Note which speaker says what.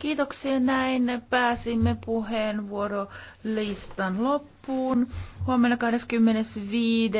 Speaker 1: Kiitoksia näin. Pääsimme puheenvuorolistan loppuun. Huomenna 25.